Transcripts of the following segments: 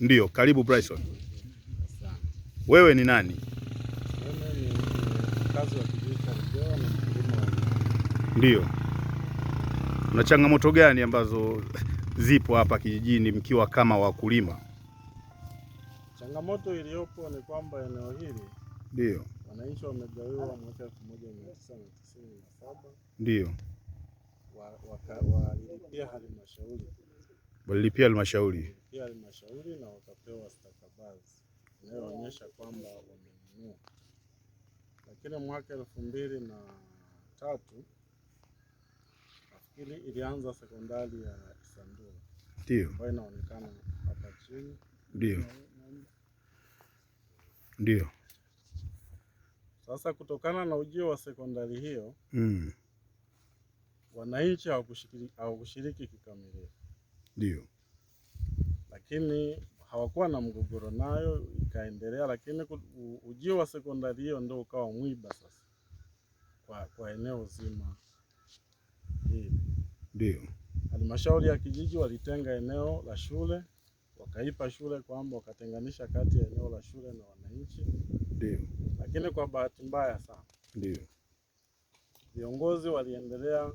Ndiyo, karibu Bryson. Wewe ni nani? Ndiyo. una changamoto gani ambazo zipo hapa kijijini mkiwa kama wakulima? Changamoto iliyopo ni kwamba eneo hili ndio wananchi wamegawiwa mwaka 1997 ndio wa, wa, wa, wa, halmashauri walilipia halmashauri halmashauri na wakapewa stakabadhi inayoonyesha kwamba wamenunua, lakini mwaka elfu mbili na tatu nafikiri ilianza sekondari ya Isandura ndio ambayo inaonekana hapa chini, ndio ndio. Sasa kutokana na ujio wa sekondari hiyo mm. wananchi hawakushiriki kikamilifu ndio, lakini hawakuwa na mgogoro nayo, ikaendelea. Lakini ujio wa sekondari hiyo ndio ukawa mwiba sasa kwa, kwa eneo zima hili. Ndio halmashauri ya kijiji walitenga eneo la shule, wakaipa shule kwamba wakatenganisha kati ya eneo la shule na wananchi. Ndio, lakini kwa bahati mbaya sana, ndio viongozi waliendelea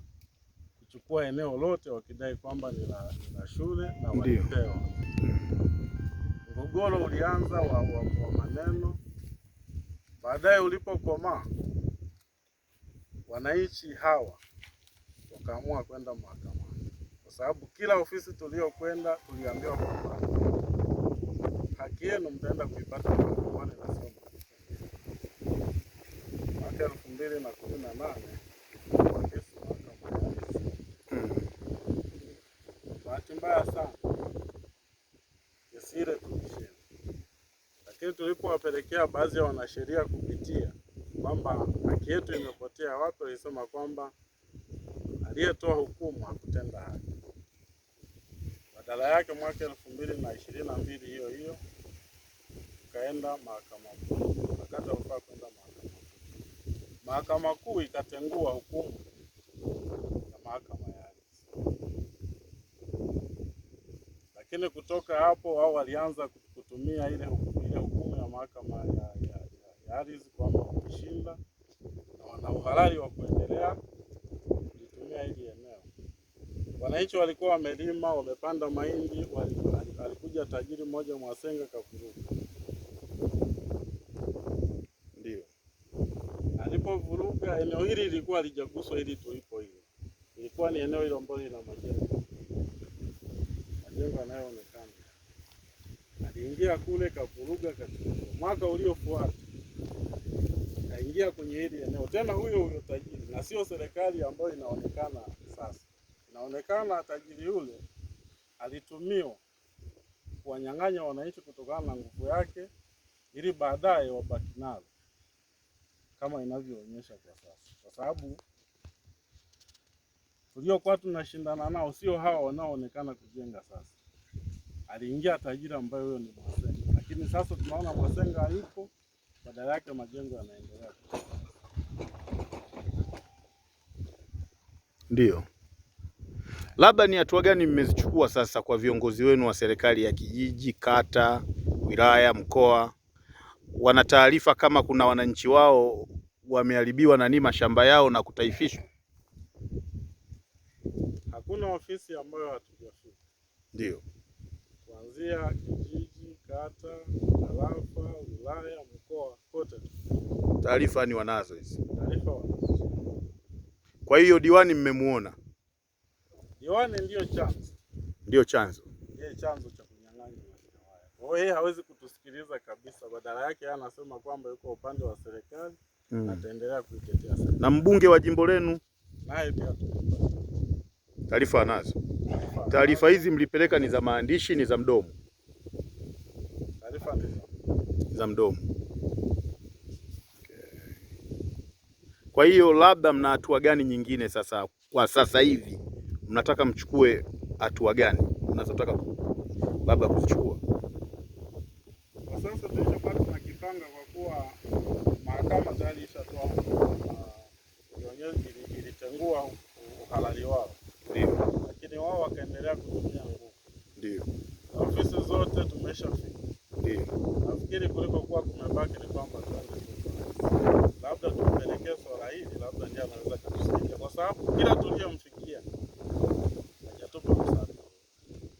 walichukua eneo lote wakidai kwamba ni la shule na walipewa. Mgogoro ulianza wa, wa, wa maneno, baadaye ulipokomaa wananchi hawa wakaamua kwenda mahakamani, kwa sababu kila ofisi tuliyokwenda tuliambiwa kwamba haki yenu mtaenda kuipata mahakamani. Na sio mwaka elfu mbili na kumi na nane mbaya sana yasile commission, lakini tulipowapelekea baadhi ya wanasheria kupitia kwamba haki yetu imepotea, watu walisema kwamba aliyetoa hukumu hakutenda haki. Badala yake mwaka elfu mbili na ishirini na mbili hiyo hiyo tukaenda mahakama kuu, wakati ulifaa kwenda mahakama kuu. Mahakama kuu ikatengua hukumu ya mahakama Lakini kutoka hapo wao walianza kutumia ile hukumu ya mahakama ya, ya, ya, ya ardhi kwamba wameshinda na wana uhalali wa kuendelea kutumia hili eneo. Wananchi walikuwa wamelima, wamepanda mahindi, alikuja tajiri mmoja Mwasenga kavuruga alipovuruga eneo hili lilikuwa lijaguswa ili tulipo hili, ilikuwa ni eneo hilo ambalo lina majengo majengo yanayoonekana. Aliingia kule kavuruga katika Mwaka uliofuata kaingia kwenye hili eneo tena, huyo huyo tajiri, na sio serikali ambayo inaonekana sasa. Inaonekana tajiri yule alitumiwa kuwanyang'anya wananchi kutokana na nguvu yake, ili baadaye wabaki nalo kama inavyoonyesha kwa sasa, kwa sababu tuliokuwa tunashindana nao sio hawa wanaoonekana kujenga sasa. Aliingia tajiri ambaye huyo ni Mwasenga, lakini sasa tunaona Mwasenga hayupo, badala yake majengo yanaendelea. Ndiyo, labda ni hatua gani mmezichukua sasa kwa viongozi wenu wa serikali ya kijiji, kata, wilaya, mkoa? Wana taarifa kama kuna wananchi wao wameharibiwa nani mashamba yao na kutaifishwa? hakuna ofisi ambayo hatujafika, ndio kuanzia kijiji, kata, tarafa, wilaya, mkoa, kote taarifa ni wanazo hizi taarifa wanazo. Kwa hiyo diwani mmemuona? Diwani ndiyo chanzo, ndiyo chanzo, ndiyo chanzo cha kunyang'anya kwa hiyo hawezi kutusikiliza kabisa, badala yake anasema kwamba yuko upande wa serikali mm. Ataendelea kuitetea serikali. Na mbunge wa jimbo lenu naye pia taarifa anazo. Taarifa hizi mlipeleka ni za maandishi, ni za mdomo? Taarifa za mdomo. Kwa hiyo labda mna hatua gani nyingine sasa, kwa sasa hivi mnataka mchukue hatua gani mnazotaka labda kuchukua kwa sasa? kwa kuwa mahakama tayari ishatoa, uh, ilitengua uhalali wao tunaendelea kutumia nguvu. Ndio. Ofisi zote tumeshafika. Ndio. Nafikiri kuliko kuwa kumebaki ni kwamba